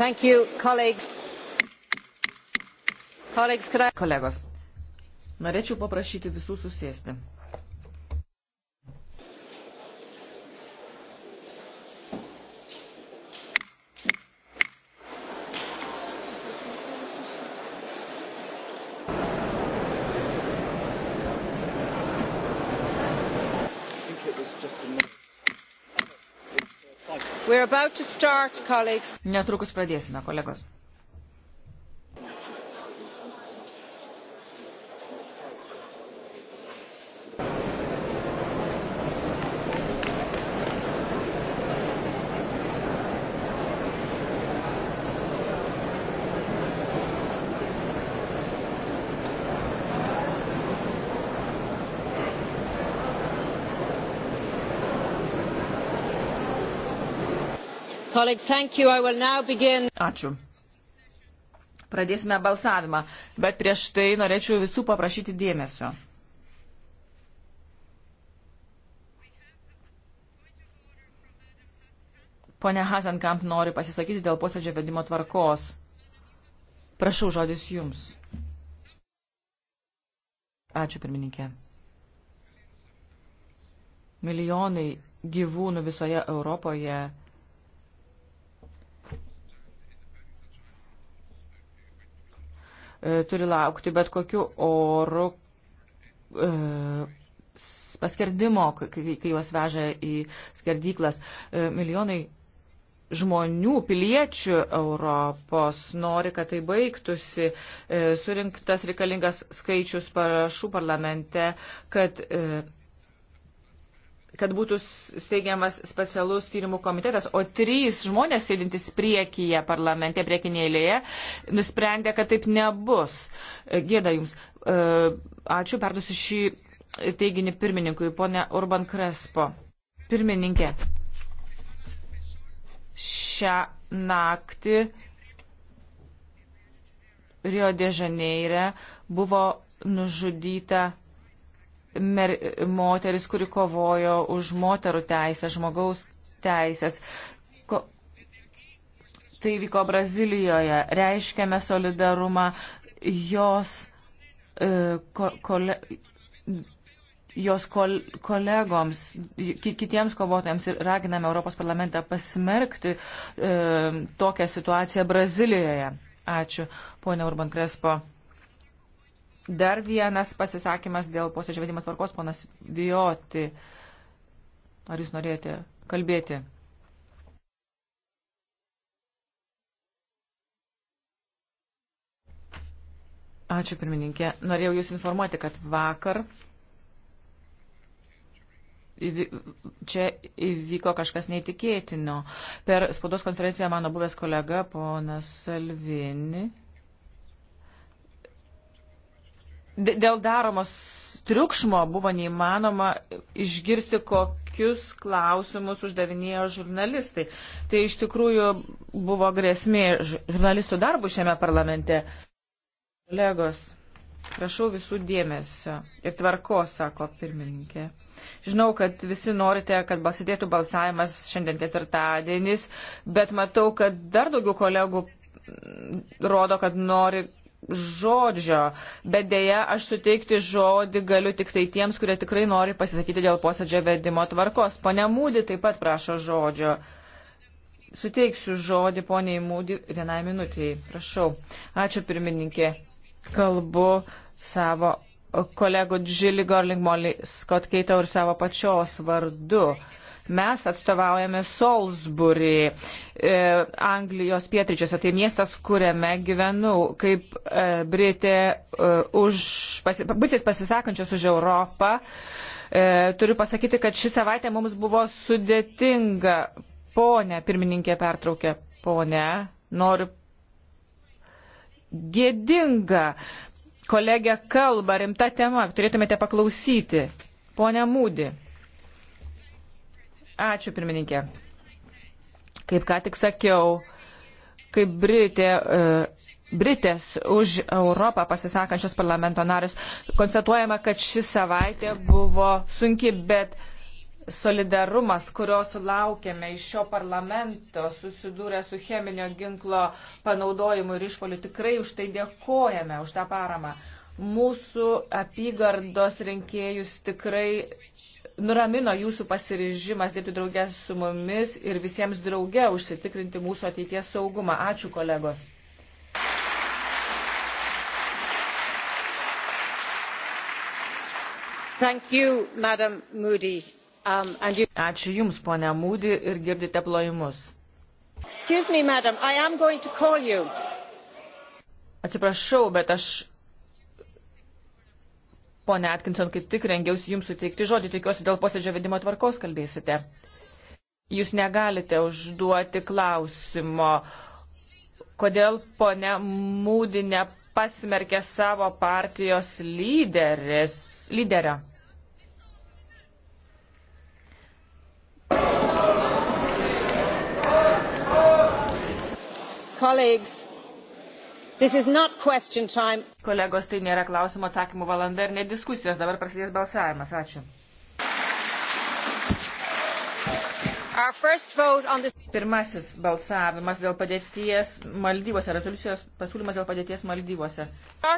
Thank you, colleagues. Colleagues, could I... Kolegos, norėčiau paprašyti visų susėsti. think it was just a minute. Netrukus pradėsime, kolegos. Ačiū. Pradėsime balsavimą, bet prieš tai norėčiau visų paprašyti dėmesio. Pone Hasenkamp nori pasisakyti dėl posėdžio vedimo tvarkos. Prašau, žodis jums. Ačiū, pirmininkė. Milijonai gyvūnų visoje Europoje E, turi laukti bet kokiu oru e, paskerdimo, kai juos veža į skerdyklas. E, milijonai žmonių, piliečių Europos nori, kad tai baigtųsi. Surinktas reikalingas skaičius parašų parlamente, kad kad būtų steigiamas specialus tyrimų komitetas, o trys žmonės sėdintys priekyje parlamente, priekinėlėje, nusprendė, kad taip nebus. Gėda jums. E, ačiū, perdusiu šį teiginį pirmininkui, ponė Urban Krespo. Pirmininkė, šią naktį Rio de Žaneire buvo nužudyta mer, moteris, kuri kovojo už moterų teisę, žmogaus teisės. Ko, tai vyko Brazilijoje. Reiškiame solidarumą jos, e, ko, kole, jos kol, kolegoms, ki, kitiems kovotojams ir raginame Europos parlamentą pasmerkti e, tokią situaciją Brazilijoje. Ačiū, ponia Urban Krespo. Dar vienas pasisakymas dėl posėdžio vedimo tvarkos, ponas Vijoti. Ar jūs norėjote kalbėti? Ačiū, pirmininkė. Norėjau jūs informuoti, kad vakar čia įvyko kažkas neįtikėtino. Per spaudos konferenciją mano buvęs kolega, ponas Salvini, dėl daromos triukšmo buvo neįmanoma išgirsti, kokius klausimus uždavinėjo žurnalistai. Tai iš tikrųjų buvo grėsmė žurnalistų darbų šiame parlamente. Kolegos, prašau visų dėmesio ir tvarkos, sako pirmininkė. Žinau, kad visi norite, kad balsidėtų balsavimas šiandien ketvirtadienis, bet matau, kad dar daugiau kolegų rodo, kad nori žodžio, bet dėja aš suteikti žodį galiu tik tai tiems, kurie tikrai nori pasisakyti dėl posėdžio vedimo tvarkos. Pone Mūdi taip pat prašo žodžio. Suteiksiu žodį poniai Mūdi vienai minutiai. Prašau. Ačiū pirmininkė. Kalbu savo kolegų Džili Gorling Molly Scott Keito ir savo pačios vardu. Uh, Mes atstovaujame Salisbury, e, Anglijos pietričiuose, tai miestas, kuriame gyvenau, kaip e, Britė, e, už, pasi, Britės pasisakančios už Europą. E, turiu pasakyti, kad ši savaitė mums buvo sudėtinga. Pone, pirmininkė pertraukė, pone, noriu. Gėdinga kolegė kalba, rimta tema, turėtumėte paklausyti. Pone Mūdi. Ačiū, pirmininkė. Kaip ką tik sakiau, kaip Britė, e, Britės už Europą pasisakančios parlamento narės, konstatuojama, kad ši savaitė buvo sunki, bet solidarumas, kurio sulaukėme iš šio parlamento, susidūrę su cheminio ginklo panaudojimu ir išpoliu, tikrai už tai dėkojame, už tą paramą. Mūsų apygardos rinkėjus tikrai nuramino jūsų pasiryžimas dirbti draugę su mumis ir visiems drauge užsitikrinti mūsų ateities saugumą. Ačiū kolegos. You, Moody, um, you... Ačiū Jums, ponia Mūdi, ir girdite plojimus. Me, madam, Atsiprašau, bet aš Pone Atkinson, kaip tik rengiausi jums suteikti žodį, tikiuosi dėl posėdžio vedimo tvarkos kalbėsite. Jūs negalite užduoti klausimo, kodėl pone Mūdi nepasmerkė savo partijos lyderis, lyderio. Colleagues, Kolegos, tai nėra klausimų atsakymų valanda ir net diskusijos. Dabar prasidės balsavimas. Ačiū. This... Pirmasis balsavimas dėl padėties Maldyvose, rezoliucijos pasiūlymas dėl padėties Maldyvose.